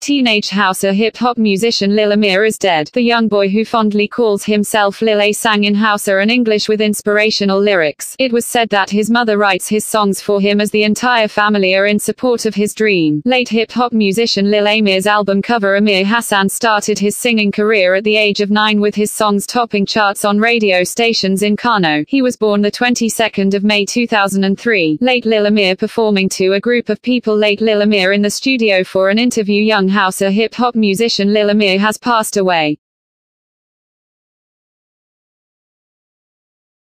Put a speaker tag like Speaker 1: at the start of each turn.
Speaker 1: Teenage Hausa hip-hop musician Lil Amir is dead. The young boy who fondly calls himself Lil A sang in Hausa and English with inspirational lyrics. It was said that his mother writes his songs for him as the entire family are in support of his dream. Late hip-hop musician Lil Amir's album cover Amir Hassan started his singing career at the age of nine with his songs topping charts on radio stations in Kano. He was born the 22nd of May 2003. Late Lil Amir performing to a group of people Late Lil Amir in the studio for an interview Young House, a hip hop musician Lil Amir has passed away.